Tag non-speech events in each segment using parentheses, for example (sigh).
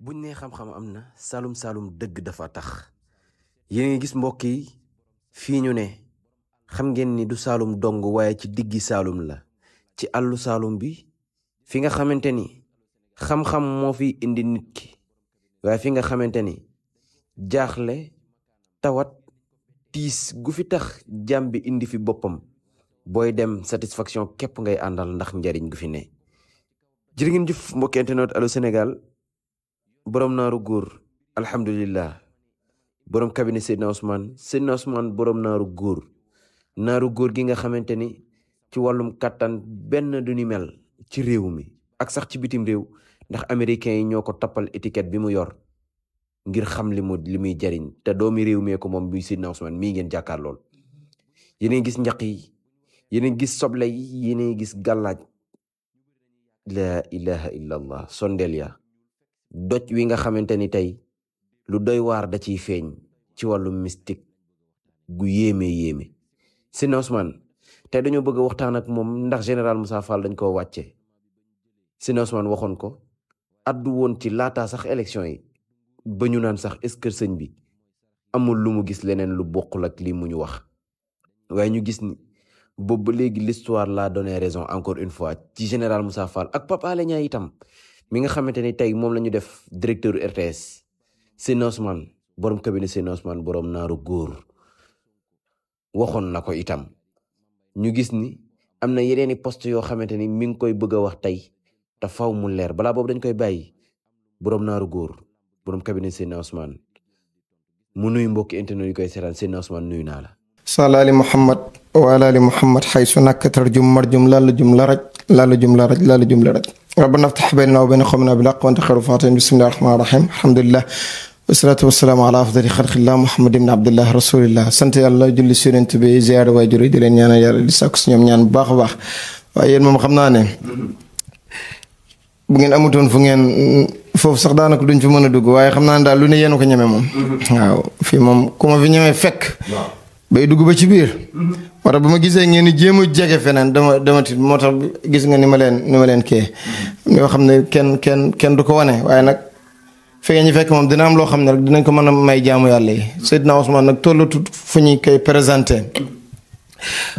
buñ ne xam-xam am na salum salum dëgg dafa tax yéen ngi gis mbokk yi fii ñu ne xam ngeen ni du salum dong waaye ci diggi salum la ci àllu salum bi fi nga xamante ni xam-xam moo fi indi nit ki waaye fi nga xamante ni jaaxle tawat tiis gu fi tax jàmm bi indi fi boppam booy dem satisfaction képp ngay àndal ndax njariñ gu fi ne. jërë ngeen jëf mbokki internet Sénégal. borom naaru góor alhamdulillah borom cabinet Seydina Ousmane Seydina Ousmane borom naaru góor naaru góor gi nga xamante ni ci wàllum kàttan benn du ni ci réew mi ak sax ci bitim réew ndax américains yi ñoo ko tappal étiquette bi mu yor ngir xam li mu li muy jariñ te doomi réew mee ko moom bi Seydina Ousmane mii ngeen jàkkaar lool yéen gis njaq yi yéen gis soble yi yéen gis gàllaaj la ilaha illa allah sondeel ya doj wi nga xamante ni tey lu doy waar da ciy feeñ ci wàllu mystique gu yéeme yéeme Serigne Ousmane tey dañoo bëgg a waxtaan ak moom ndax général mussa Fall dañ koo wàcce Serigne Ousmane waxoon ko addu woon ci laataa sax élection yi ba ñu naan sax est-ce que sëñ bi amul lu mu gis leneen lu bokkul ak lii mu ñu wax waaye ñu gis ni boobu ba léegi l'histoire l'a donné raison encore une fois ci général Moussa Fall ak Pape Alé mi nga xamante ni tey moom la ñu def directeur RTS Sine Ousmane borom cabinet Sine Ousmane borom naaru góor waxoon na ko itam ñu gis ni am na yeneeni poste yoo xamante ni mi ngi koy bëgg wax tey te faw mu leer balaa boobu dañ koy bàyyi borom naaru góor borom cabinet Sine Ousmane mu nuyu mbokki internet yu koy seetaan Sine Ousmane nuyu naa la. salaali Muhammad wa alaali Muhammad xaysu nakk tarjum marjum lal jum laraj لا جملة رد لا جملة رد ربنا افتح بيننا وبين قومنا بالحق وانت خير الفاتحين بسم الله الرحمن الرحيم الحمد لله wasalaatu wasalaam ala afdali xalqillah muhammad ibn abdullah rasulillah sant yàlla julli sunent bi ziyaara waajur yi di leen ñaanal yàlla di sàkku si ñoom ñaan bu baax a baax waaye yéen moom xam naa ne bu ngeen amutoon fu ngeen foofu sax daanaka duñ fi mën a dugg waaye xam naa ne daal lu ne yéen ko ñeme moom mm-hmm. waaw fii moom ku ma fi ñeme fekk bay dugg ba ci biir mm-hmm. moo tax bu ma gisee ngeen ni jéem a jege feneen dama dama tiit moo tax gis nga ni ma leen ni ma leen kee. yoo xam ne kenn kenn kenn du ko wane waaye nag fekkee ñu fekk moom dina am loo xam ne rek dinañ ko mën a may jaamu yàlla yi Seydina Ousmane nag tollatut fu ñuy koy présenté.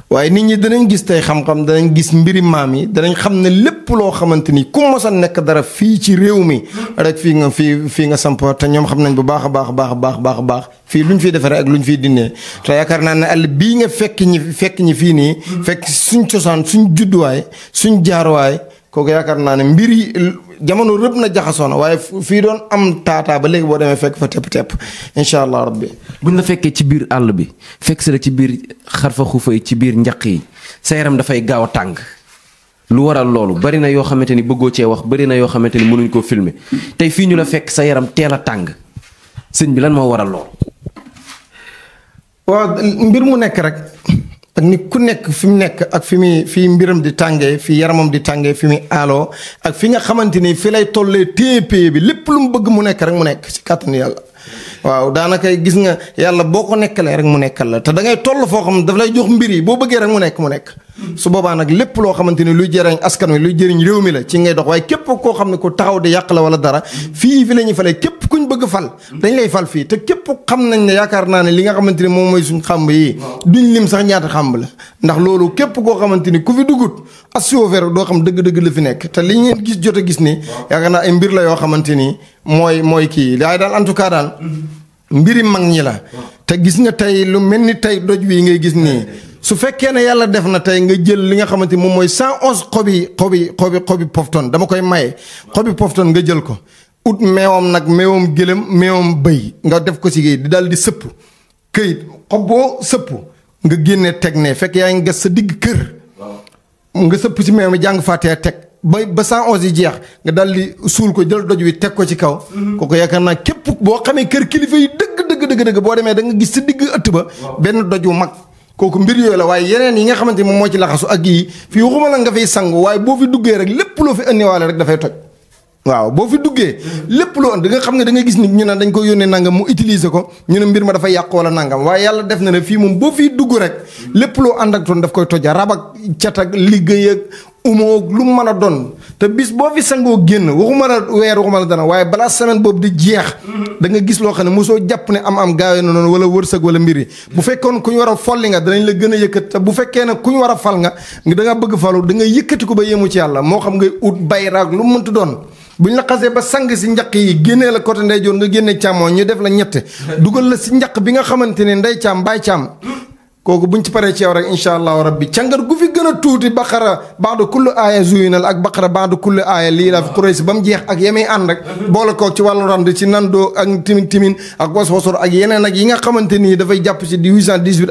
waaye nit ñi danañ gis tey xam-xam danañ gis mbiri maam yi danañ xam ne lépp loo xamante ni ku mos nekk dara fii ci réew mi rek fii nga fii fii nga samp te ñoom xam nañ bu baax a baax a baax a baax a baax fii luñ fiy defaree ak luñ fii dindee te yaakaar naa ne àll bii nga fekk ñi fekk ñi fii nii. fekk suñ cosaan suñ judduwaay suñ jaaruwaay kooku yaakaar naa ne mbiri jamono rëbb na jaxasoo na waaye fii doon am taataa ba léegi boo demee fekk fa tepp-tepp incha allah rabbi buñ la fekkee ci biir àll bi fekk si la ci biir xarfa xufa yi ci biir njaq yi sa yaram dafay gaaw a tàng lu waral loolu bari na yoo xamante ni bëggoo cee wax bari na yoo xamante ni mënuñ koo filmer tey fii ñu la fekk sa yaram teel a tàng sëñ bi lan moo waral loolu. waaw mbir mu nekk rek. ak ni ku nekk fi mu nekk ak fi muy fi mbiram di tàngee fi yaramam di tàngee fi muy aaloo ak fi nga xamante ni fi lay tollee téepee bi lépp lu mu bëgg mu nekk rek mu nekk si kàttanu yàlla. waaw daanaka gis nga yàlla boo ko nekkalee rek mu nekkal la te dangay toll foo xam daf lay jox mbir yi boo bëggee rek mu nekk mu nekk. su boobaa nag lépp loo xamante ni luy jëriñ askan wi luy jëriñ réew mi la ci ngay dox waaye képp koo xam ne ku taxaw di yàq la wala dara fii fi la ñuy falee képp kuñ bëgg fal dañ lay fal fii te képp xam nañ ne yaakaar naa ne li nga xamante ni mooy suñ xàmb yi lim sax ñaata xàmb la ndax loolu képp koo xamante ni ku fi dugut assuver doo xam dëgg-dëgg la fi nekk te li ngeen gis jot a gis ni yaakaar naa ay mbir la yoo xamante ni mooy mooy kii waaye daal en tout cas daal mbiri mag ñi la te gis nga tey lu mel ni tey doj wi ngay gis nii su fekkee ne yàlla def na tey nga jël li nga xamante moom mooy cent onze xobi xobi xobi xobi pofton dama koy maye xobi pofton nga jël ko ut meewam nag meewam gëlëm meewam bëy nga def ko si géej di daal di sëpp këyit xob boo sëpp nga génne teg ne fekk yaa ngi gas sa digg kër nga sëpp si meew mi jàng fàttee teg ba ba cent onze yi jeex nga daal di suul ko jël doj wi teg ko ci kaw mm-hmm. kooku yaakaar naa képp boo xamee kër kilifa yi dëgg dëgg dëgg dëgg boo demee da nga gis sa digg ëtt ba benn doj wu mag kooku mbir yooyu la waaye yeneen yi nga xamante ni moom moo ci laxasu ak yii fii waxuma la nga fay sangu waaye boo fi duggee rek lépp loo fi andiwaale rek dafay waaw boo fi duggee lépp loo ënd nga xam ne da nga gis nit ñu naan dañ koy yónnee nangam mu utiliser ko ñu ne mbir ma dafa yàq wala nangam waaye yàlla def na ne fii moom boo fiy dugg rek lépp loo ànd ak toon daf koy toja rab ak cat ak liggéey ak umoo lu mu mën a doon te bis boo fi sangoo génn waxuma la weer waxuma la dana waaye balaa semaine boobu di jeex. Mm-hmm. danga gis loo xam ne mu soo jàpp ne am-am gaawee na noonu wala wërsëg wala mbir yi. bu fekkoon ku war a folli nga danañ la gën a yëkkat te bu fekkee ne ku ñu war a fal nga da bëgg falu da nga yëkkati ko ba yemu ci yàlla moo xam ngay ut bayraag lu mu mënti doon. buñ la xasee ba sang si njaq yi génnee la côté ndeyjoor nga génne càmmoñ ñu def la ñett (laughs) dugal la si njaq bi nga xamante ne ndey (laughs) kooku buñ ci paree ci yow rek incha allahu rabbi càngat gu fi gën a tuuti baqara baadu kullu aaya zuyinal ak baqara baadu kullu aaya lii ba mu jeex ak yemey ànd rek boole ko ci wàllu rand ci nandoo ak timin timin ak was wasor ak yeneen ak yi nga xamante nii dafay jàpp ci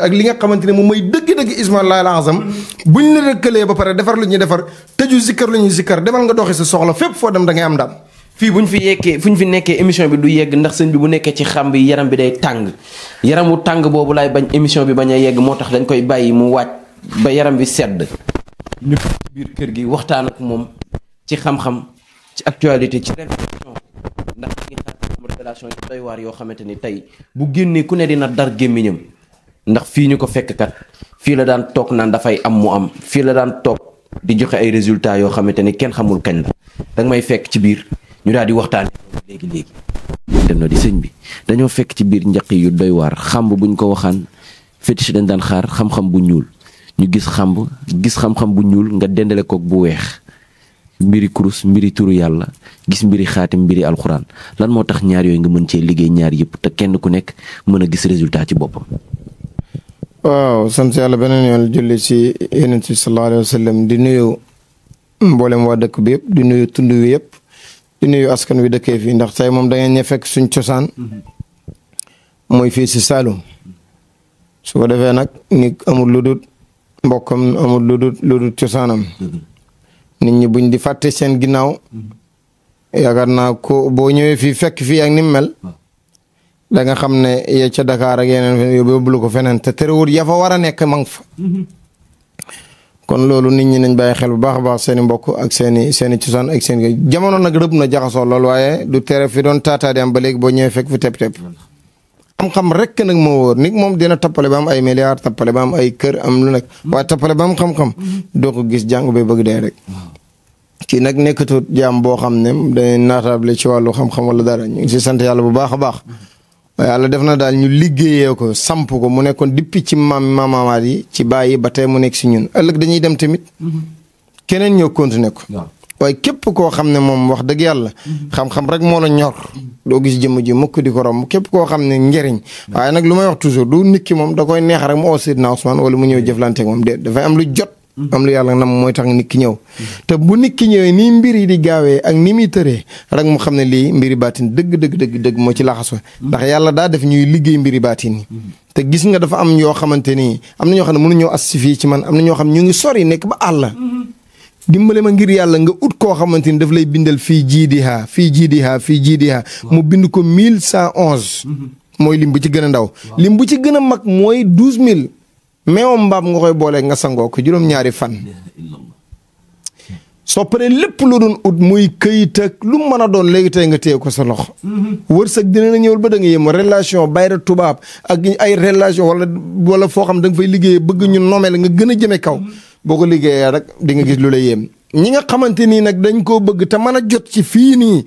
ak li nga xamante ni moom mooy dëgg-dëgg ismailahil azam buñ la rëkkalee ba pare defar lu ñuy defar tëju zikkar lu ñuy zikkar demal nga doxi sa soxla fépp foo dem dangay am daam fii bu ñu fi yekkee fu ñu fi nekkee émission bi du yegg ndax sëñ bi bu nekkee ci xam bi yaram bi day tàng yaram yaramu tàng boobu laay bañ émission bi bañ a yegg moo tax dañ koy bàyyi mu wàcc ba yaram bi sedd. ñu biir kër gi waxtaan moom ci xam ci actualité ci révélation ndax ñu ngi waar yoo xamante ni tey bu génnee ku ne dina dar gémmiñam ndax fii ñu ko fekk kat fii la daan toog naan dafay am mu am fii la daan toog di joxe ay résultat yoo xamante ni kenn xamul kañ la danga may fekk ci biir. ñu daal di waxtaan léegi léegi. dem na bi dañoo fekk ci biir njaq yu doy waar xamb buñ ko waxaan fétiche dañ daan xaar xam-xam bu ñuul ñu gis xamb gis xam-xam bu ñuul nga dendale koog bu weex. mbiri kurus mbiri turu yàlla gis mbiri xaatim mbiri alxuraan lan moo tax ñaar yooyu nga mën cee liggéey ñaar yëpp te kenn ku nekk mën a gis résultat ci boppam. waaw sant yàlla beneen yoon julli ci yonent bi sallallahu alayhi di nuyu mboolem waa dëkk bi yëpp di nuyu tund yëpp di nuyu askan wi dëkkee fi ndax tey moom da ngeen ña fekk suñ cosaan mooy fii si Saloum su ko defee nag nit amul lu dul mbokkam amul lu dul lu dul cosaanam nit ñi buñ di fàtte seen ginnaaw yaakaar naa ko boo ñëwee fii fekk fii ak ni mel da xam ne ya ca Dakar ak yeneen yóbbu ko feneen te terewul ya fa war a nekk mang nga fa. kon loolu nit ñi nañ bàyyi xel bu baax a baax seen mbokk ak seen seen i cosaan ak seen i jamono nag rëbb na jaxasoo lool waaye du tere fi doon taataa di am ba léegi boo ñëwee fekk fi tepp-tepp xam-xam rek nag moo wóor nit moom dina tappale ba am ay milliards tappale ba am ay kër am lu nekk mm-hmm. waaye tappale ba am xam-xam mm-hmm. doo ko gis jàng ba bëgg dee rek mm-hmm. kii nag nekkatut jaam boo xam ne dañuy naataable ci wàllu xam-xam wala dara ñu si sant yàlla bu baax a baax yàlla def na daal ñu liggéeyee ko samp ko mu nekkoon depuis ci maam maamaamaat yi ci bàyyi ba tey mu nekk si ñun ëllëg dañuy dem tamit mm-hmm. keneen ñoo continué ko waaye képp koo xam ne moom wax dëgg yàlla mm-hmm. xam-xam rek moo la ñor mm-hmm. doo gis jëmm ji mukk di ko romb képp koo xam ne njariñ waaye nag lu may wax toujours du nit ki moom da koy neex rek mu oo Seydina Ousmane wala mu ñëw jëflante moom déet dafay am lu jot am lu yàlla nam mooy tax nit ki ñëw. te bu nit ki ñëwee nii mbir yi di gaawee ak ni muy tëree rek mu xam ne lii mbiri baatin dëgg dëgg dëgg dëgg moo ci laxasu ndax yàlla daa def ñuy liggéey mbiri baatin yi. te gis nga dafa am yoo xamante ni am na ñoo xam ne mënu ñoo as si fii ci man am na ñoo xam ñu ngi sori nekk ba àll. dimbale ma ngir yàlla nga ut koo xamante ni daf lay bindal fii jiidiha fii jiidiha fii jiidiha mu bind ko mille cent onze. Mhm. mooy lim bu ci gën a ndaw. lim bu meewam mbaam nga koy boolee nga sangoo ko juróom-ñaari fan soo paree lépp lu doon ut muy këyit ak lu mën a doon léegi tey nga téye ko sa loxo mhm. wërsëg dina la ñëwal ba danga nga yem relation bayre tubaab ak ay relation wala wala foo xam da nga fay liggéeyee bëgg ñu nomel nga gën a jëme kaw mhm. boo ko liggéeyee rek di nga gis lu lay yem ñi nga xamante nii nag dañ koo bëgg te mën a jot ci fii nii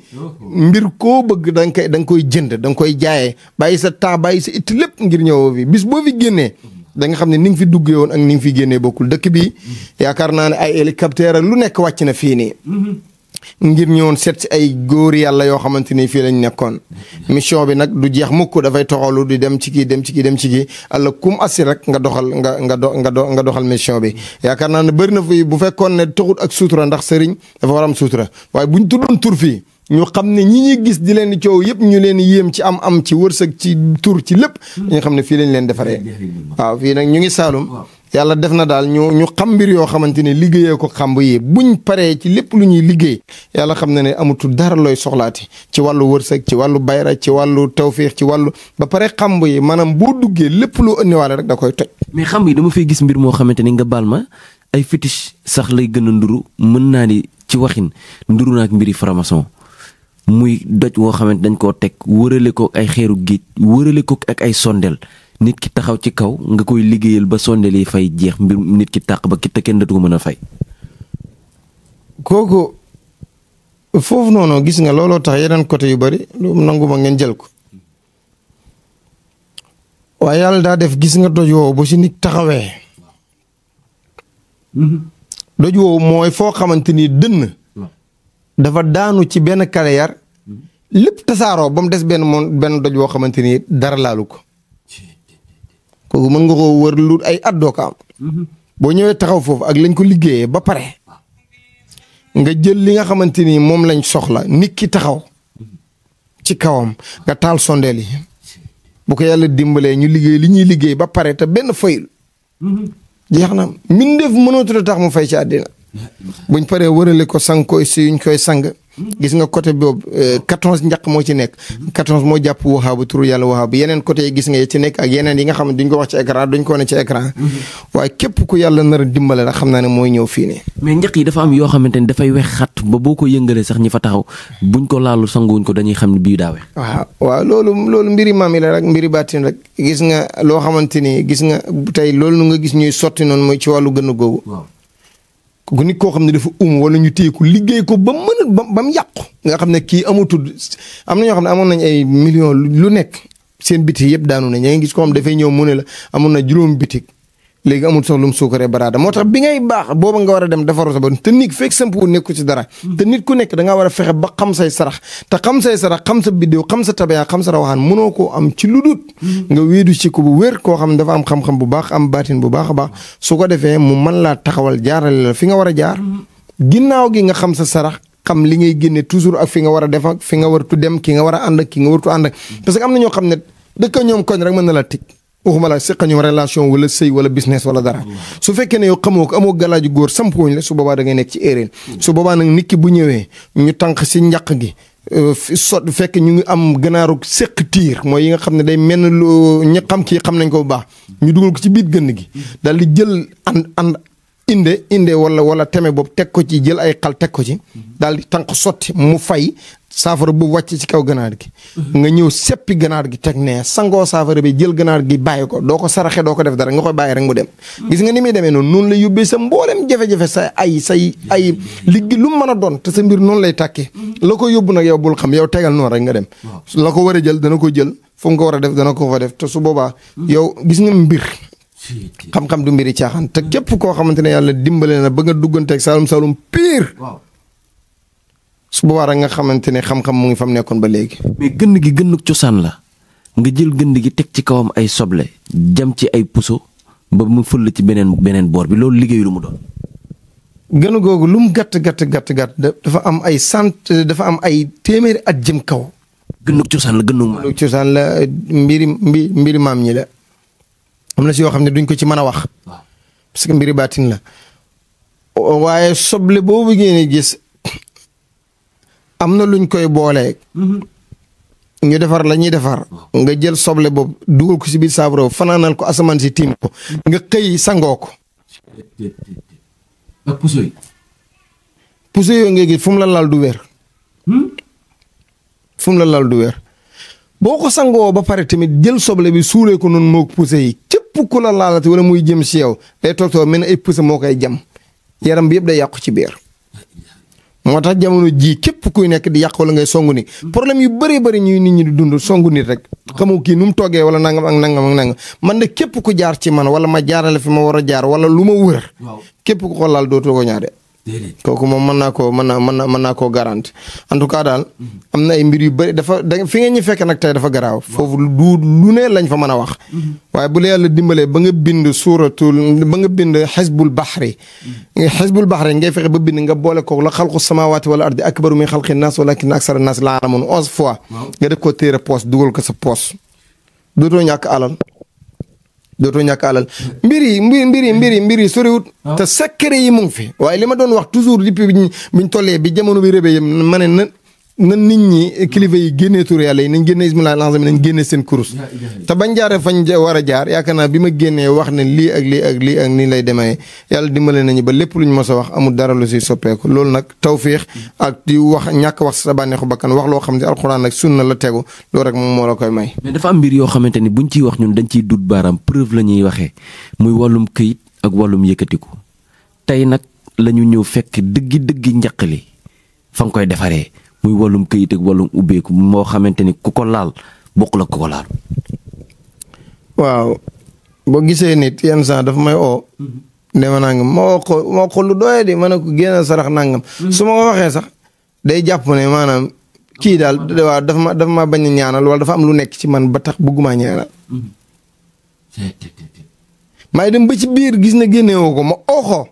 mbir koo bëgg da nga koy koy jënd da nga koy jaaye bàyyi sa temps bàyyi sa it lépp ngir ñëwoo fi bis boo génnee da nga xam ne ni nga fi duggee woon ak ni nga fi génnee bokkul dëkk bi yaakaar naa ne ay hélicoptère lu nekk wàcc na fii nii. ngir ñëwoon seet si ay góor yàlla yoo xamante ni fii lañ nekkoon mission bi nag du jeex mukk dafay toxalu di dem ci kii dem ci ki dem ci kii alla kum assi rek nga doxal nga nga do nga doxal mission bi yaakaar naa ne bëri na fi bu fekkoon ne taxut ak suutura ndax sëriñ dafa war suutura waaye buñ tuddoon tur fii ñu xam ne ñi ñuy gis di leen coow yëpp ñu leen yéem ci am am ci wërsëg ci tur ci lépp hmm. ñu xam ne fii lañ leen defaree waaw fii nag ñu ngi Saalum yàlla def na daal ñu ñu xam mbir yoo xamante ne liggéeyee ko xamb yi bu buñ paree ci lépp lu ñuy liggéey yàlla xam na ne amatul dara looy soxlaati ci wàllu wërsëg ci wàllu bayra ci wàllu tawfiix ci wàllu ba pare xàmb yi maanaam boo duggee lépp lu ënniwaale rek da koy toj. mais xamb yi dama fay gis mbir moo xamante ni nga baal ay fétiche sax lay gën a nduru mën naa ni ci waxin nduru naak mbiri franc muy doj woo xamante dañ koo teg wërale ko ay xeeru géej wërale ko ak ay sondel nit ki taxaw ci kaw nga koy liggéeyal ba sondel yi fay jeex mbir nit ki tàq ba ki te kenn dootu ko mën a fay. kooku foofu noonu gis nga looloo tax yeneen côté yu bari lu nangu ma ngeen jël ko waaye yàlla daa def gis nga doj woowu ba si nit taxawee. Mm-hmm. doj woowu mooy foo xamante ni dënn. dafa daanu ci benn carrière lépp tasaaroo ba mu des benn moom benn doj boo xamante ni dara laalu ko kooku mën nga koo wër lu ay at ko am. boo ñëwee taxaw foofu ak lañ ko liggéeyee ba pare nga jël li nga xamante ni moom lañ soxla nit ki taxaw ci kawam nga taal sondeel yi bu ko yàlla dimbalee ñu liggéey li ñuy liggéey ba pare te benn fayul mm-hmm. jeex na mbindeef mënootu la tax mu fay ci àddina bu buñ paree wërale ko sang ko si yuñ koy sang gis nga côté boobu euh, quatorze njaq moo ci nekk quatorze moo jàpp waxaabu turu yàlla waxaabu yeneen côté yi gis nga yi ak yeneen yi nga xam ne duñ ko wax ci écran duñ ko wane képp ku yàlla nar dimbale nag xam naa ne mooy ñëw fii mais njaq yi dafa am yoo xamante ni dafay wex xat ba boo ko yëngalee sax ñi fa taxaw buñ ko laalu sanguwuñ ko dañuy xam ne bii daawe waaw waaw loolu loolu mbiri maam yi la rek mbiri baatin rek gis nga loo xamante ni gis nga tey loolu nu nga gis ñuy sotti noonu mooy ci wàllu gën a googu ku nit koo xam ne dafa um wala ñu téye ko liggéey ko ba mën ba ba mu yàqu. nga xam ne kii amatul am na ñoo xam ne amoon nañu ay millions lu nekk seen bitik yëpp daanu nañ ña ngi gis ko xam dafay ñëw mu ne la amoon na juróom bitik léegi amul sax lu mu suukaree baraada moo tax bi ngay baax booba nga war a dem defaru sa bopp te nit fekk sampu ku nekk da ngaa war a fexe ba xam say sarax te xam say sarax xam sa biddéew xam sa tabayaa xam sa rawaxaan mënoo koo am ci lu nga wéedu ci ko bu wér koo xam dafa am xam bu baax am baatin bu baax a baax su ko defee mu mën laa taxawal jaarale la fi nga war a jaar. ginnaaw gi nga xam sa sarax. xam li ngay génne toujours ak fi nga war a defak fi nga wartu dem ki nga war a ànd ak ki nga wartu ànd ak parce que am na ñoo xam ne dëkk ñoom koñ rek mën na la tig waxuma la seq ñoom relation wala sëy wala business wala dara su fekkee ne yow xamoo ko amoo galaaju góor sampuñ la su boobaa da ngay nekk ci nag nit ki bu ñëwee ñu tànq si njaq gi euh, sot fekk ñu ngi am ganaarug seq tiir mooy yi nga xam ne day mel lu ñi xam kii xam nañ ko bu baax ñu dugal ko ci biir gënn gi daal di jël and and inde inde wala wala teme boobu teg ko ci jël ay xal teg ko ci daal di tànq sotti mu fay saafara bu wàcc ci kaw ganaar gi mhm. nga ñëw seppi ganaar gi teg nee sangoo saafara bi jël ganaar gi bàyyi ko doo ko saraxe doo ko def dara nga koy bàyyi rek mu dem mhm. gis nga ni muy demee noonu noonu la yóbbee sa mboolem jafe-jafe sa ay say ay liggi lu mën a doon te sa mbir noonu lay tàkkee mhm. la ko yóbbu nag yow bul xam yaw tegal noonu rek nga dem la ko war a jël dana ko jël fu nga ko a def dana ko xam-xam du mbiri caaxaan te képp koo xamante ne yàlla dimbale na ba nga dugganteeg Saalum Saalum pire. waaw su boobaa rek nga xamante ne xam-xam mu ngi fam nekkoon ba léegi. mais gi gëndu cosaan la nga jël gënd gi teg ci kawam ay soble jam ci ay puso ba mu fël ci beneen beneen boor bi loolu liggéey lu mu doon. gën googu lu mu gàtt gàtt gàtt gàtt dafa am ay sant dafa am ay téeméeri at jëm kaw. gëndu cosaan la gëndu maam. gëndu cosaan la mbiri mbiri maam ñi la. am na si yoo xam ne duñ ko ci mën a wax. parce que mbiri baatin la. waaye soble boobu ngeen gis am na luñ koy boole. Mhm. ñu defar la ñuy defar. nga jël soble boobu dugal ko si biir saabro fanaanal ko asamaan si tiim ko. nga xëy sangoo ko. ak puso yooyu ngay gis fu la laal du wér. Hmm? fu la lal du wér. boo ko sangoo ba pare tamit jël soble bi suulee ko noonu moog puuse yi képp ku la laalati wala muy jëm si yow day toog toog mel ne ay puuse moo koy jam yaram bi yëpp day yàqu ci biir. moo tax jamono jii képp kuy nekk di yàq la ngay songu ni problème yu bëree bëri ñuy nit ñi di dund songu nit rek xamoo kii nu mu toggee wala nangam ak nangam ak nangam man de képp ku jaar ci man wala ma jaarale fi ma war a jaar wala lu ma wër. képp ku ko laal dootoo ko ñaare. kooku moom mën naa koo mën naa mën naa mën naa koo garanti en tout cas daal am na ay mbir yu bëri dafa da fi ngeen ñu fekk nag tey dafa garaaw foofu du lu ne lañ fa mën a wax mm-hmm. waaye bu la yàlla dimbalee ba nga bind suuratul ba nga bind xisbul baxri xisbul mm-hmm. baxri ngay fexe ba bind nga boole ko la xalqu samawaati wala ardi akbaru min xalqi naas walakin aksara naas laa alamoon onze fois nga def ko téere poos dugal ko sa poos dootoo ñàkk alal dootoo ñàkk alal mbir yi mbir mbir yi mbir yi mbir yi soriwut. Ah. te yi mu ngi fi. waaye li ma doon wax toujours depuis biñ biñ tollee bi jamono bi rëbee ma ne na nan nit ñi kilifa yi génnee tur yàlla yi nañ génne ismila lanza mi nañ génne seen kurus te bañ jaaree fañ war a jaar yaakaar naa bi ma génnee wax ne lii ak lii ak lii ak nii lay demee yàlla dimbale nañu ba lépp lu ñu mos a wax amul dara lu si soppeeku loolu nag tawfiix ak di wax ñàkk wax sa bànneexu bakkan wax loo xam ne alxuraan ak sunna la tegu loolu rek moom moo la koy may. mais dafa am mbir yoo xamante ni buñ ciy wax ñun dañ ciy dut baaraam preuve la ñuy waxee muy wàllum këyit ak wàllum yëkkatiku tey nag la ñëw fekk dëggi dëggi njaqali fa nga koy defaree muy wàllum këyit ak wàllum ubbeeku moo xamante ni ku laal bokk la ku ko waaw boo gisee nit yenn saa dafa may oo. Mm-hmm. dama nangam moo ko moo ko lu doyee di man ne ko génn sarax nangam. Mm-hmm. su ma ko waxee sax day jàpp ne maanaam kii daal waaw dafa ma dafa ma bañ a ñaanal wala dafa am lu nekk ci man ba tax bëgguma ñaanal. maay mm-hmm. dem ba biir gis na génne ko ma oo ko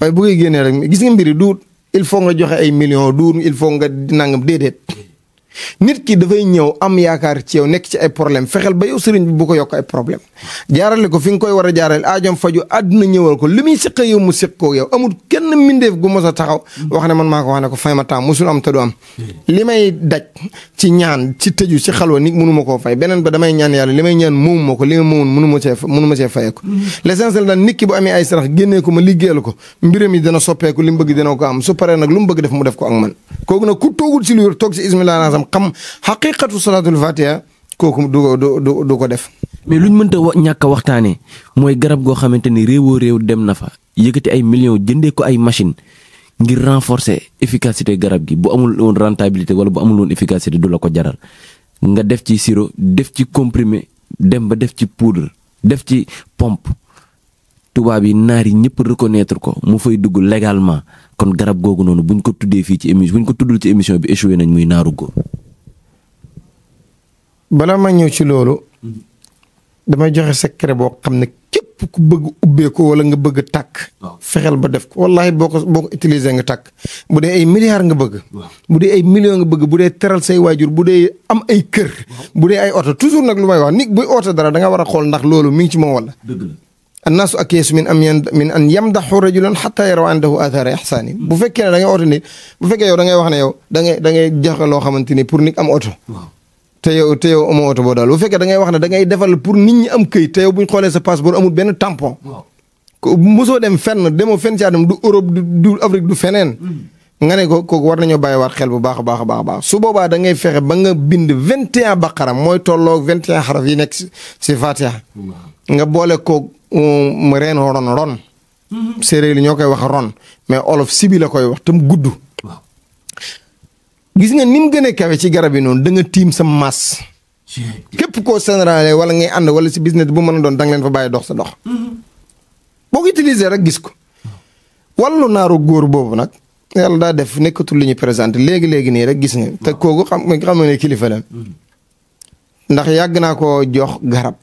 waaye bu koy génnee gis nga mbiri duut il faut nga joxe ay millions du il faut nga nanga déedéet nit ki dafay ñëw am yaakaar ci yow nekk ci ay problème fexeel ba yow sëriñ bi bu ko yokk ay problème jaarale ko fi nga koy war a jaarale aajom faju àdduna ñëwal ko li muy siqa yow mu siq ko yow amul kenn mbindeef a ko wax ne ko fay beneen ba damay ñaan yàlla li may ñaan moomu ma ko li ma moomun mënu see mënu ma see nit ki bu amee ay sarax génnee ko ma liggéeyal ko mbiram dana soppeeku lu mu bëgg def mu def ko ak man kooku nag ku xam xaqiqatu salaatul fatiha kooku du du du ko def. mais lu ñu mënta wa ñàkk a waxtaanee mooy garab goo xamante ni réewoo réew dem na fa yëkkati ay millions jëndee ko ay machine ngir renforcer efficacité garab gi bu amul woon rentabilité wala bu amul woon efficacité du la ko jaral nga def ci siro def ci comprimé dem ba def ci poudre def ci pompe tubaab yi naar yi ñëpp reconnaître ko mu fay dugg légalement kon garab googu noonu bu buñ ko tuddee fii ci émission buñ ko tuddul ci émission bi échoué nañ muy naaru góor. balaa ma ñëw ci loolu. Mhm. damay joxe secret boo xam ne képp ku bëgg ubbee ko wala nga bëgg tàkk. fexeel ba def ko wallahi boo ko boo utiliser nga tàkk bu dee ay milliards nga bëgg. bu dee ay millions nga bëgg bu dee teral say waajur bu dee am ay kër. bu dee ay oto toujours nag lu may wax nit buy oto dara da nga war a xool ndax loolu mi ngi ci moom wala. annaasu akyeesu min am min an yamdaxu rajulan xataa yaraw andahu athara ixsaani bu fekkee ne da ngay oto nit bu fekkee yow da ngay wax ne yow da ngay loo xamante ni pour nit oto te yow te yow boo daal bu fekkee da ngay wax ne da ngay defal pour nit ñi am këy te yow buñ xoolee sa passeport amul benn tampon mosoo dem fenn demoo fenn ci àdduna du Europe du Afrique du feneen hmm. nga ne ko kook war nañoo bàyyiwaat xel bu baax a baax a baax a baax su boobaa da ngay fexe ba nga bind vingt et un mooy tolloog vingt et yi nekk si Fatiha. nga boole koog mu um, reen ron ron. Mm-hmm. séeréer yi ñoo koy wax ron mais olof sibi la koy wax tam gudd. gis nga ni mu gën a kawe ci garab yi noonu da nga tiim sa masse. képp koo générale wala ngay ànd wala si business bu mën a doon danga leen fa bàyyi dox sa dox. Mm-hmm. boo ko utiliser rek gis ko. wàllu naaru góor boobu nag. yàlla daa def nekkatul li ñu présenté léegi léegi nii rek gis nga. te kooku xam xam nga ne kilifa la. Hmm. ndax yàgg naa ko jox garab.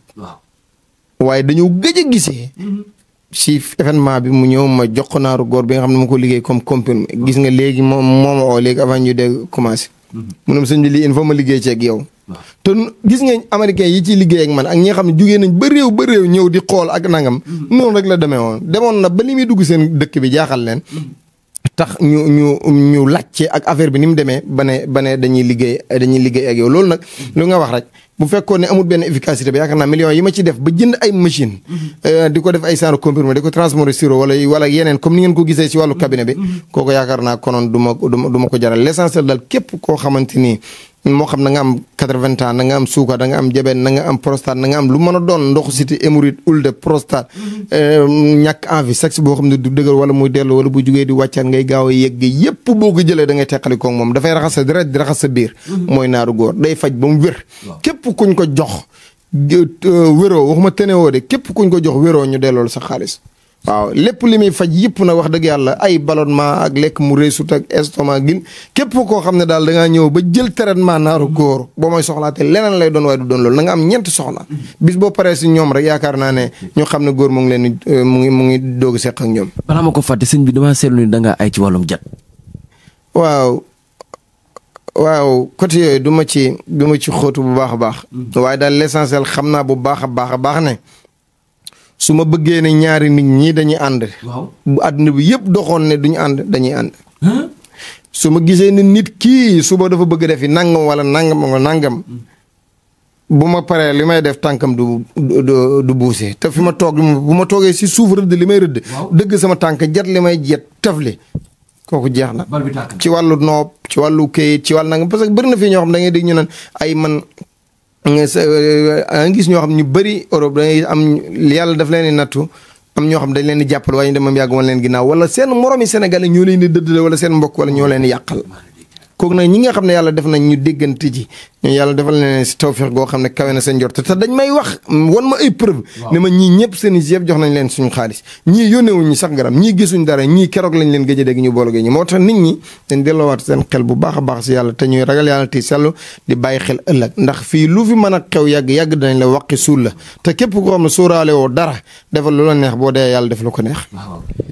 waaye dañoo gëj a gisee. Hmm. si événement bi mu ñëw ma jox ko naaru góor bi nga xam ne ma ko liggéey comme comprimé nga léegi moo ma oo ñu dégg commencé. Hmm. mu ne ma sëñ bi lii ma liggéey ci yow. te gis nga américain yi ciy liggéey ak man ak ñi xam ne jugee nañ ba réew ba réew ñëw di xool ak nangam. noonu rek la demee woon demoon na ba li muy dugg seen dëkk bi jaaxal leen. tax ñu ñu ñu laajte ak affaire bi ni mu demee ba ne ba ne dañuy liggéey dañuy loolu nag lu nga wax rek bu fekkoon ne amul benn efficacité ba yaakaar naa millions yi ma ci def ba jënd ay machine euh, di ko def ay genre comprimé di ko transformer sirop wala yeneen comme ni ngeen ko gisee ci wàllu cabinet bi kooku yaakaar naa konoon du ma du ko jaral l'essentiel daal képp koo xamante moo xam nanga am quatre-vingts ans am suukar da am jabet na nga am prostate na am lu mën a doon ndoxu siti hémorroïde ulde prostate mm-hmm. eh, ñàkk envie sexe boo xam ne du dëgër wala muy dellu wala bu jugee di wàccaat ngay gaaw a yegg yépp boo ko jëlee dangay ngay teqalikoo moom dafay raxas sa deret di raxas sa biir mm-hmm. mooy naaru góor day faj ba mu wér képp kuñ ko jox euh, wéroo waxuma tenewoo de képp kuñ ko jox wéroo ñu dellool sa xaalis waaw lépp li muy faj yëpp na wax dëgg yàlla ay ballonnement ak lekk mu reesut ak estomac gin képp koo xam ne daal da ngaa ñëw ba jël traitement naaru góor boo mooy soxlaate leneen lay doon waaye du doon loolu na am ñeenti soxna bis boo paree si ñoom rek yaakaar naa ne ñu xam ne góor mu ngi leen euh, mu ngi mu ngi doog seq ak ñoom. balaa ma ko fàtte sëñ bi damaa seetlu ni da ay ci wàllum jat. waaw waaw côté yooyu du ma ci du ma ci xóotu bu baax a baax. Mm. waaye daal l'essentiel xam naa bu baax a baax a baax ne. su ma bëggee ne ñaari nit ñi dañuy ànd. waaw bu àddina bi yëpp doxoon ne duñu ànd dañuy ànd. su ma gisee ne nit kii suba dafa bëgg a def wala nangam wala nangam. nangam bu ma paree li may def tànkam du du du buuse te fi ma toog bu ma toogee si suuf rëdd li may rëdd. dëgg sama tànk jet li may jet tafli kooku jeex na. ci wàllu noob ci wàllu këyit ci wàllu nangam parce que bëri na fii ñoo xam da ngay dégg ñu naan ay man Euh, euh, nga gis ñoo xam ñu bëri Europe dañuy am yàlla daf leen di nattu am ñoo xam dañ leen di jàppal waaye ñu dem am yàgg woon leen ginnaaw wala seen moromi Sénégalais ñoo leen di dëddale wala seen mbokk wala ñoo leen yàqal. kooku nag ñi nga xam ne yàlla def nañ ñu déggante ji yàlla defal na si tawféex goo xam ne kawe na seen njort te dañ may wax won ma ay preuve ne ma ñii ñëpp seen yëpp jox nañ leen suñu xaalis ñii yónneewuñ ñu sax garam ñii gisuñ dara ñii keroog lañ leen gëj a dégg ñu boole ñu moo tax nit ñi dañ delloowaat seen xel bu baax a baax si yàlla te ñuy ragal yàlla te sellu di bàyyi xel ëllëg ndax fii lu fi mën a xew yàgg-yàgg dinañ la waqi suul la te képp koo xam ne woo dara defal lu la neex boo dee yàlla def lu ko neex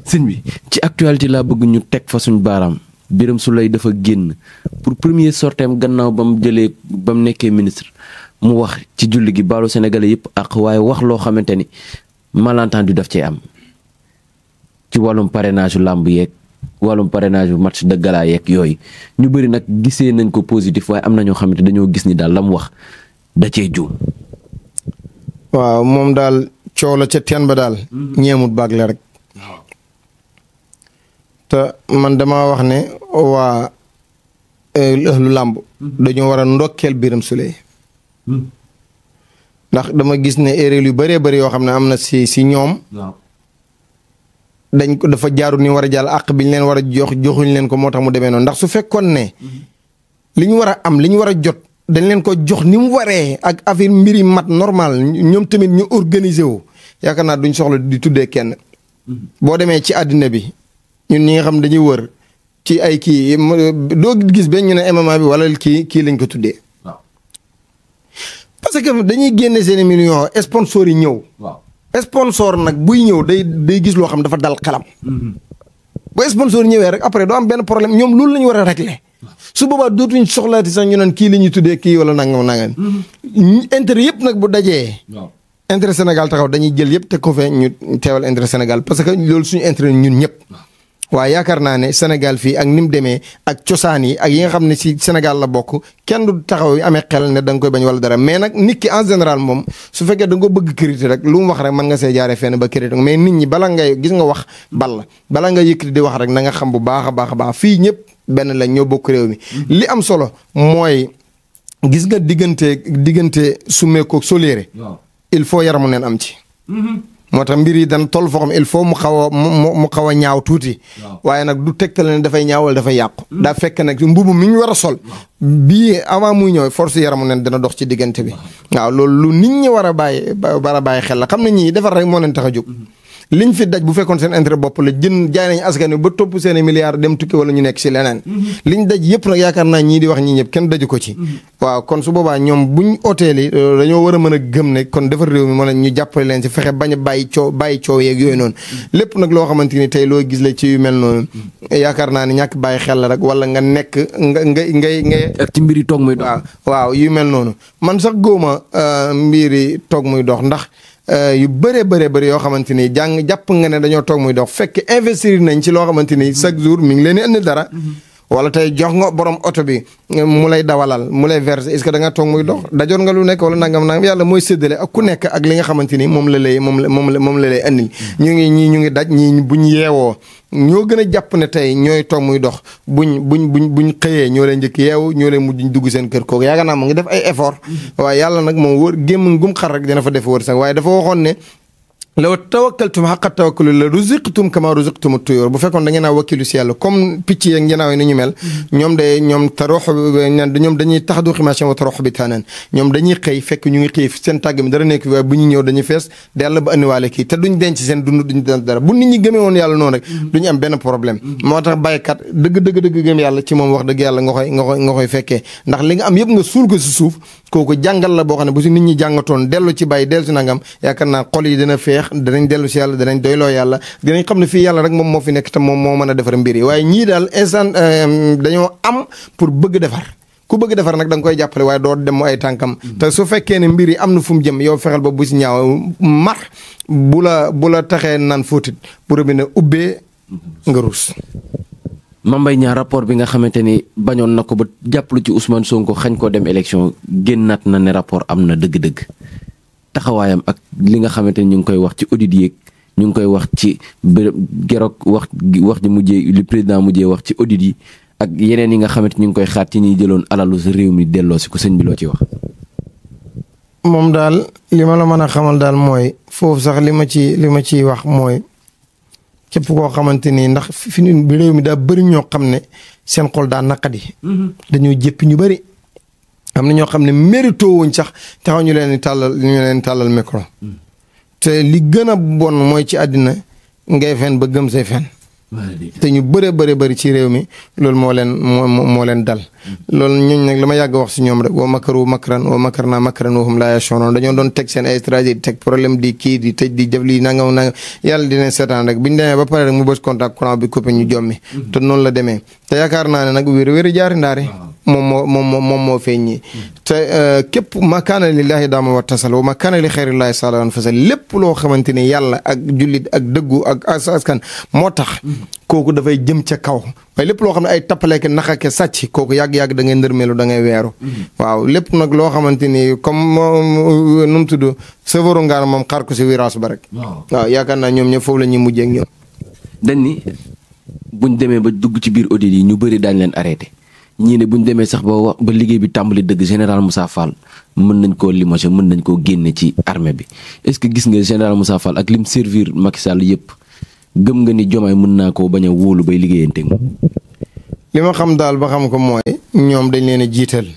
sëñ bi ci actualité laa bëgg ñu teg fa suñu baaraam Birame Souleye dafa génn pour premier sorteem gannaaw ba mu jëlee ba mu nekkee ministre mu wax ci julli gi baalu Sénégalais yëpp ak waaye wax loo xamante ni du def cee am ci wàllum parrainage yu làmb yeeg wàllum parrainage bu match de gala yeeg yooyu ñu bëri nag gisee nañ ko positif waaye am na ñoo xamante dañoo gis ni daal la mu wax da cee juum. waaw moom daal coow la ca teen ba daal. Mm-hmm. ñeemut baag la rek. te man dama wax ne waa ëhlu eh, làmb dañoo war a ndokkeel Biram Souleye ndax dama gis ne erreur yu bëree bëri yoo xam ne am na si si ñoom dañ ko dafa jaarul ni war a jàll àq bi ñu leen war a jox joxuñ leen ko moo tax mu demee noonu ndax su fekkoon ne li ñu war a am li ñu war a jot dañ leen ko jox ni mu waree ak affaire mbir yi mat normal ñoom tamit ñu organiser wu yaakaar naa duñ soxla di tuddee kenn mhm. boo demee ci àddina bi ñun ñi nga xam dañuy wër ci ay kii doo gis benn ñu ne MMA bi wala kii kii lañ ko tuddee. waaw parce que dañuy génne seen i millions sponsor yi ñëw. waaw sponsor nag buy ñëw day day gis loo xam dafa dal xelam. Mm-hmm. bu sponsor ñëwee rek après doo am benn problème ñoom loolu la ñu war a régler. su boobaa dootuñ soxlaati sax ñu naan kii la ñuy tuddee kii wala nangam nangam. Mm-hmm. intérêt yëpp nag bu dajee. intérêt Sénégal taxaw dañuy jël yëpp te ko fee ñu teewal intérêt Sénégal parce que loolu suñu intérêt ñun ñëpp. waaye yaakaar naa ne Sénégal fii ak ni mu demee ak cosaan yi ak yi nga xam ne si Sénégal la bokk kenn du taxaw yi amee xel ne da nga koy bañ wala dara mais nag nit ki en général moom su fekkee da nga ko bëgg critique rek lu mu wax rek mën nga see jaaree fenn ba critique mais nit ñi bala ngay gis nga wax bal bala nga yëkkati wax rek na nga xam bu baax a baax baax fii ñëpp benn lañ ñoo bokk réew mi mm-hmm. li am solo mooy gis nga diggante diggante su meekoog soléere il faut yaramu neen am ci mm-hmm. moo tax mbir yi dan toll foo xam il faut mu xaw a mu xaw a ñaaw tuuti. waaye nag du tegtal ne dafay ñaaw wala dafay yàqu. Mm. daa fekk nag mbubu mi ñu war a sol. bii avant muy ñëwee force yaramu nen dana dox ci diggante bi. waaw loolu lu nit ñi war a bàyyi war a bàyyi xel la xam ne ñii defar rek moo leen tax a jóg. Mm-hmm. liñ fi daj bu fekkoon seen entre bopp la jën jaay nañu askan wi ba topp seen i milliards dem tukki wala ñu nekk si leneen. Mhm. liñ daj yëpp nag yaakaar naa ñii di wax ñii ñëpp kenn daju ko ci. Mhm. waaw kon su boobaa ñoom buñ hôtel yi euh, dañoo war a mën a gëm ne kon defar réew mi ñu jàppale leen fexe bañ a bàyyi coow bàyyi coow yeeg yooyu noonu. Mhm. lépp nag loo xamante ni tey loo gis la ci yu mel yaakaar naa ne ñàkk bàyyi xel la rek wala nga nekk nga nga ngay nga ak ci mbir yi toog muy dox. waaw yu mel noonu man sax góoma euh, mbir yi toog muy dox ndax Euh, yu bëree bëree bëri yoo xamante ni jàng jàpp nga ne dañoo toog muy dox fekk investir nañ ci loo xamante ni chaque jour mi ngi leen di dara. wala tey jox nga borom oto bi mu lay dawalal mu lay verser est-ce que da nga toog muy dox dajoon nga lu nekk wala nangam yàlla mooy séddale ku nekk ak li nga xamante ni moom la lay moom la moom la lay andil. ñu ngi ñii ñu ngi daj ñii bu ñu yeewoo ñoo gën a jàpp ne tey ñooy toog muy dox buñ buñ buñ buñ xëyee ñoo leen njëkk yeewu ñoo leen mujj dugg seen kër kooku yaakaar naa mu ngi def ay effort mm-hmm. waaye yàlla nag moom wër gémm gum xar rek dana fa def wër sax waaye dafa waxoon ne law tawakkaltum xaqa tawakkuli la ruziqtum kama ruziqtum tuyur bu fekkoon da a wakkilu si yàlla comme picc yeeg njanaaw yi ni ñu mel. ñoom day wa taroox bi taanaan ñoom dañuy xëy fekk ñu ngi xiif wax dëgg yàlla boo xam ne bu si nit ñi jàngatoon dellu ci bàyyi dellu si nangam yaakaar naa xol yi dina feex danañ dellu si yàlla danañ doyloo yàlla dinañ xam ne fii yàlla rek moom moo fi nekk te moom moo mën a defar mbir yi waaye ñii daal instant euh, dañoo am pour bëgg defar ku bëgg defar nag danga koy jàppale waaye doo dem ay tànkam mm-hmm. te su fekkee ne mbir yi am na fu jëm yow fexeel ba bu si ñaaw mar bu la bu la taxee naan fóotit bu robinet ubbee mm-hmm. nga ruus Mame Mbaye Niang rapport bi nga xamante ni bañoon na ko ba jàppalu ci Ousmane Sonko xañ koo dem élection génnaat na ne rapport am na dëgg-dëgg taxawaayam ak li nga xamante ni ñu ngi koy wax ci audit yeeg ñu ngi koy wax ci bërëb geroog wax wax ji mujjee li président mujjee wax ci audit yi ak yeneen yi nga xamante ñu ngi koy xaat ci ñuy jëloon alalu réew mi delloo si ko sëñ bi loo ci wax. moom daal li ma la mën a xamal daal mooy foofu sax li ma ci li ma ciy wax mooy képp koo xamante ni ndax fi réew mi daa bëri ñoo xam ne seen xol daa naqadi. Mm-hmm. dañoo jëpp ñu bëri. am na ñoo xam ne mérito wuñ sax taxaw ñu leen di tàllal ñu leen tàllal micro te li gën a bon mooy ci àddina ngay fen ba gëm say fen te ñu bëre bëre bëri ci réew mi loolu moo leen moo moo leen dal loolu ñun nag la ma yàgg wax si ñoom rek wa makaru makran wa makar naa makran wa hum laa yash'uruun dañoo doon teg seen ay stratégie teg problème di kii di tëj di jëf lii nangam nangam yàlla dina seetaan rek bi ñu demee ba pare rek mu bës contact courant bi kope ñu jommi mm-hmm. te noonu la demee te yaakaar naa ne nag wér wér jaari ndaari moom moo moom moom moo feeñ ñi te euh, képp makaana lillahi daama wa tasal wa makaana li xeyrillaahi salaan fasal lépp loo xamante ne yàlla ak jullit ak dëggu ak askan moo tax kooku dafay jëm ca kaw waaye lépp loo xam ne ay tappaleeke naxake sàcc kooku yàgg-yàgg da ngay ndërmeelu da ngay weeru waaw lépp nag loo xamante ni comme euh, nu mu tudd savaru ngaana moom xaar ko si virage ba rek waaw yaakaar naa ñoom ñëpp foofu la ñuy mujjee ak ñoom dañ ni buñ demee ba dugg ci biir audit yi ñu bëri daañ leen arrêté ñii ne bu ñu demee sax ba wax ba liggéey bi tàmbali dëgg général Moussa Fall mën nañ koo limoger mën nañ koo génne ci armée bi est-ce que gis nga général Moussa Fall ak lim servir Macky Sall yëpp gëm nga ni Diomaye mën naa koo bañ a wóolu bay liggéeyante li ma xam daal ba xam ko mooy. ñoom dañ leen a jiital.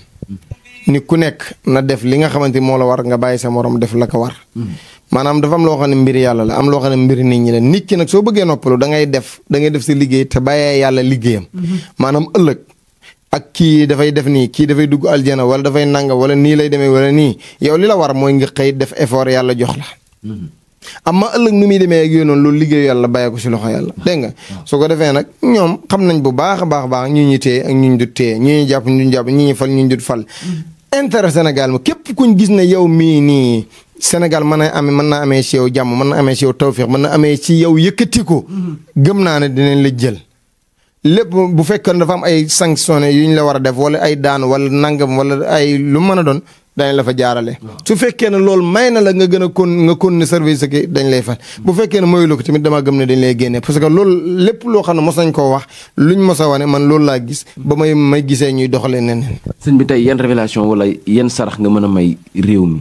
ni ku nekk na def li nga xamante moo la war nga bàyyi sa morom def la ko war. Hmm. maanaam dafa am loo xam ne mbir yàlla la am loo xam ne mbir nit ñi la nit ki soo bëggee noppalu da ngay def da ngay liggéey te bàyyee yàlla liggéeyam. Hmm. ak kii dafay def nii kii dafay dugg aljana wala dafay nanga wala nii lay demee wala nii yow li la war mooy nga xëy def effort yàlla jox la. Mm-hmm. am ma ëllëg nu muy demee ak yooyu noonu loolu liggéeyu yàlla bàyyi si loxo yàlla mm-hmm. dégg nga. Mm-hmm. su ko defee nag ñoom xam nañ bu baax a baax baax ñu ñu téye ak ñu ñu dut ñu ñu jàpp ñu ñu jàpp ñu ñu fal ñu ñu dut fal. intérêt Sénégal ma képp kuñ gis ne yow mii nii senegal mën na amee man naa amee si yow jàmm mën na amee si yow tawfiq mën na amee si yow yëkkatiku gëm naa ne dinañ la jël lépp bu fekkoon dafa am ay sanction yu ñu la war a def wala ay daan wala nangam wala ay lu mën a doon dañ la fa jaarale. su fekkee ne loolu may na la nga gën a kon nga kon ne service ki dañ lay fay. bu fekkee ne mooy lu ko tamit damaa gëm ne dañ lay génne parce que loolu lépp loo xam ne mos nañ koo wax luñ mos a wane man loolu laa gis ba may may gisee ñuy doxalee neneen. sëñ bi tey yan révélation wala yan sarax nga mën a may réew mi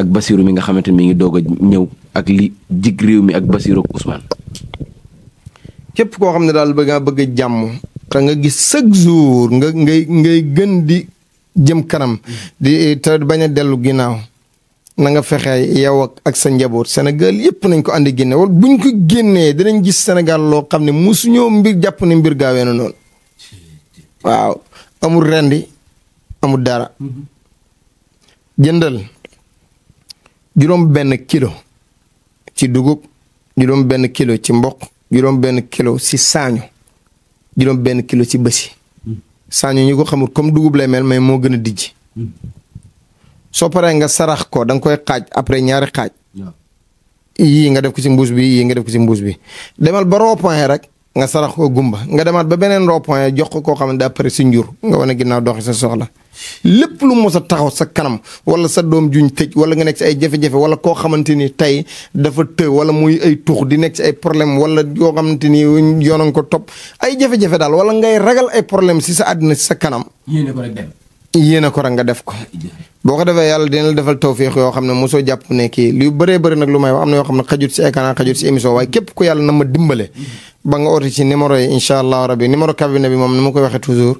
ak Basiru mi nga xamante mi ngi doog a ñëw ak li jig réew mi ak Basiru ak képp koo xam ne daal bëgg a bëgg a jàmm nga gis chaque jour nga ngay ngay gën di jëm kanam di te bañ a dellu ginnaaw na nga fexe yow ak ak sa njaboot Sénégal yëpp nañ ko andi génne wala buñ ko génnee dinañ gis senegal loo xam ne mosuñoo mbir jàpp ni mbir gaawee na noonu waaw amul rendi amul dara jëndal juróom benn kilo ci dugub juróom benn kilo ci mboq juróom benn kilo si saañu juróom benn kilo si bësi saañu ñu ko xamul comme dugub lay mel mais moo gën a dijj soo paree nga sarax ko da nga koy xaaj après ñaari xaaj yii nga def ko si mbuus bi yii nga def ko si mbuus bi demal ba rond-point rek nga sarax ko gumba nga demaat ba beneen rond-point jox ko koo xam ne daa pare si njur nga wane ginnaaw doxi sa soxla lépp lu mos a taxaw sa kanam wala sa doom juñ tëj wala nga nekk si ay jafe-jafe wala koo xamante ni tey dafa të wala muy ay tuux di nekk si ay problème wala yoo xamante ni yoonoon ko topp ay jafe-jafe daal wala ngay ragal ay problème si sa àddina si sa kanam. yéene ko rek ko rek nga def ko. boo ko defee yàlla dina la defal tawfiix yoo xam ne mosoo jàpp ne kii lu bëree bëri nag lu may wax am na yoo si écran waaye képp ku yàlla na ma dimbale. ba nga oote ci yi incha allah rabi numéro cabinet moom ni ma koy waxee toujours.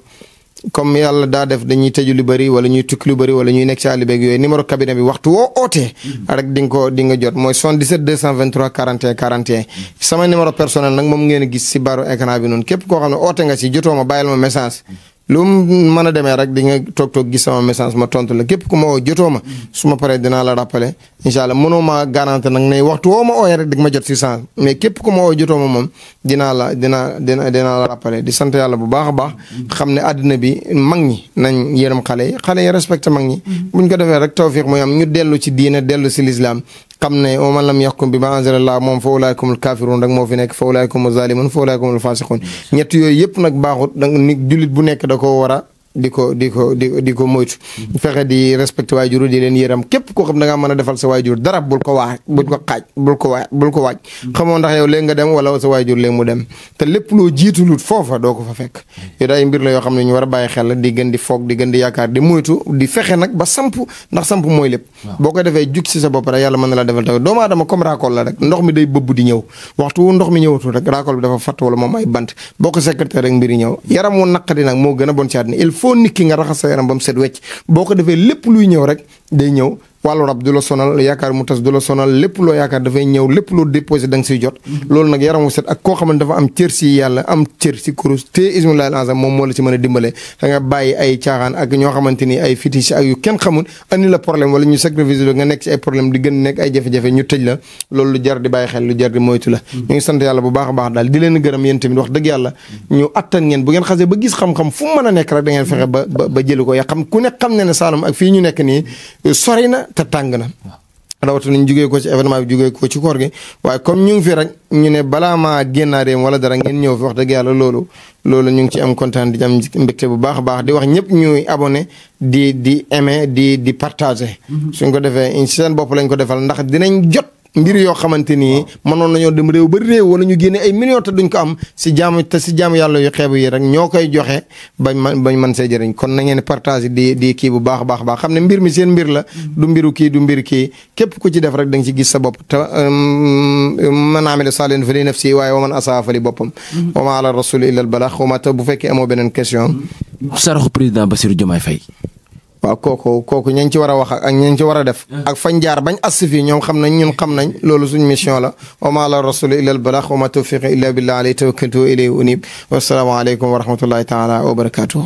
comme dañuy tëju bëri wala ñuy wala ñuy nekk ci àll beeg yooyu numéro cabinet waxtu woo ootee. rek di ko di jot mooy 77 223 41 41. sama numéro personnel nag moom ngeen gis si baaru écran bi noonu képp koo xam ne oote nga si jotoo ma bàyyil ma message. lu mu mën a demee rek di nga toog toog gis sama message ma tontu la képp ku ma woo jotoo ma ma paree dinaa la rappeler incha allah mënoo ma garanti nag ne waxtu woo ma ooyee rek di ma jot si sens mais képp ku ma woo jotoo ma moom dinaa la dinaa dina dinaa la rappeler di sant yàlla bu baax a baax xam ne àddina bi mag ñi nañ yërëm xale yi xale yi respecté mag ñi mm-hmm. buñ ko defee rek tawfiq mooy ñu dellu ci diina dellu si lislaam xam ne wa man lam yaxkum bi ma anzalallah moom fa ulaayikumul kaafiruun rek moo fi nekk fa ulaayikumul zaalimuun fa ulaayikumul faasiquun ñett yëpp nag baaxut da ni jullit bu nekk da ko di ko di ko di di ko moytu fexe di respecté waajur di leen yëram képp koo xam da ngaa mën a defal sa waajur dara bul ko waaj bul ko ko waaj bul ko waaj xamoo ndax yow léegi nga dem wala sa waajur léegi mu dem te lépp loo jiitulut foofa doo ko fa fekk yooyu daay mbir la yoo xam ne ñu war a bàyyi xel di gën di foog di gën di yaakaar di moytu di fexe nag ba samp ndax samp mooy lépp boo ko defee jug si sa bopp rek yàlla mën na la defal taw doomu aadama comme raakool la rek ndox mi day bëbb di ñëw waxtu wu ndox mi ñëwatul rek raakool bi dafa fatt wala moom ay bant boo ko secrétaire rek mbiri a bon foo nikki nga raxas sa yaram ba mu wecc boo ko defee lépp luy ñëw rek day ñëw wàllu rab du la sonal yaakaar mu tas du la sonal lépp loo yaakaar dafay ñëw lépp loo déposé da nga jot loolu nag yaram wu set ak koo xam ne dafa am cër si yàlla am cër si moom moo la si mën a dimbale da nga bàyyi ay caaxaan ak ñoo xamante ni ay fétiche la problème wala ñu sacrifice la nga nekk si ay problème di gën nekk ay jafe-jafe ñu tëj la loolu lu bàyyi xel lu jar di moytu la hmm. ñu ngi sant yàlla bu baax a baax daal di leen gërëm yéen tamit wax dëgg yàlla ñu attan ngeen bu xasee ba gis xam-xam fu mën a nekk rek da ngeen fexe ba ba na te tàng na. rawatina ñu jugee ko ci événement bi jugee ko ci kor gi waaye comme ñu ngi fi rek ñu ne balaa maa génnaa dem wala dara ngeen ñëw fi wax dëgg yàlla loolu loolu ñu ngi ci am kontaan di am mbégte bu baax a baax di wax ñëpp ñuy abonné di di aimer di di partager. Mm-hmm. suñ ko defee in seen bopp lañ ko defal ndax dinañ jot. mbir yoo xamante ni mënoon nañoo dem réew ba réew wala ñu génne ay millions te duñ ko am si jaamu te si jaamu yàlla yu xeeb yi rek ñoo koy joxe bañ man bañ mën see jëriñ kon na ngeen partage di di kii bu baax a baax baax xam ne mbir mi seen mbir la mm. du mbiru kii du mbir kii képp ku ci def rek da nga ci gis sa bopp te um, um, man amila saalihan fa li nafsi waaye wa man asaa fa boppam mm. wa ma ala rasul illa al wa ma te bu fekkee amoo beneen question mm. saraxu président Bassirou Diomaye Faye waaw kooku kooku ñañ ci war a wax ak ñañ ci war a def ak fañ jaar bañ assi fii ñoom xam nañ ñun xam nañ loolu suñ mission la wa ma la rasul illa al balagh wa ma tawfiqi illa billah alayhi tawakkaltu wa ilayhi unib wasalaamaaleykum wa rahmatullahi taala wa barakatuh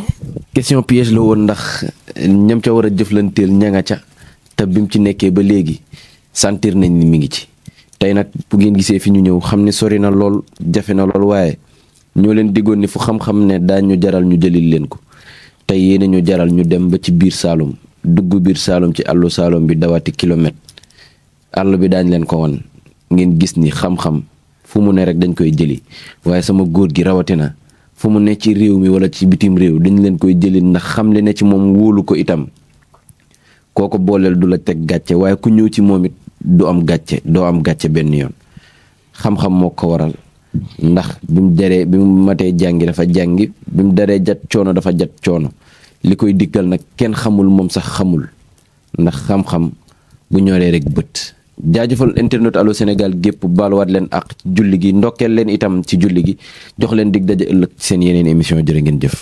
question piège la woon ndax ñam ca war a jëflanteel ña nga ca te bim ci nekkee ba léegi sentir nañ ni mi ngi ci tey nag bu ngeen gisee fi ñu ñëw xam ne sori na lool jafe na lool waaye ñoo leen diggoon ni fu xam-xam ne daañu jaral ñu jëlil leen ko tey yéen ñu jaral ñu dem ba ci biir Saalum dugg biir Saalum ci àllu Saalum bi dawati kilomètre àll bi daañ leen ko wan ngeen gis ni xam-xam fu mu ne rek dañ koy jëli waaye sama góor gi rawatina fu mu ne ci réew mi wala ci bitim réew dañ leen koy jëli ndax xam le ne ci moom wóolu ko itam kooko booleel du la teg gàcce waaye ku ñëw ci moom it du am gàcce doo am gàcce benn yoon xam-xam moo ko waral ndax bi mu deree bi matee jàngi dafa jàngi bi mu deree jat coono dafa jat coono li koy dikkal nag kenn xamul moom sax xamul ndax xam-xam bu ñoree rek bët jaajëfal internet Allô senegal gépp baaluwaat leen ak julli gi ndokkeel leen itam ci julli gi jox leen dig daje ëllëg seen yeneen émission jërë ngeen jëf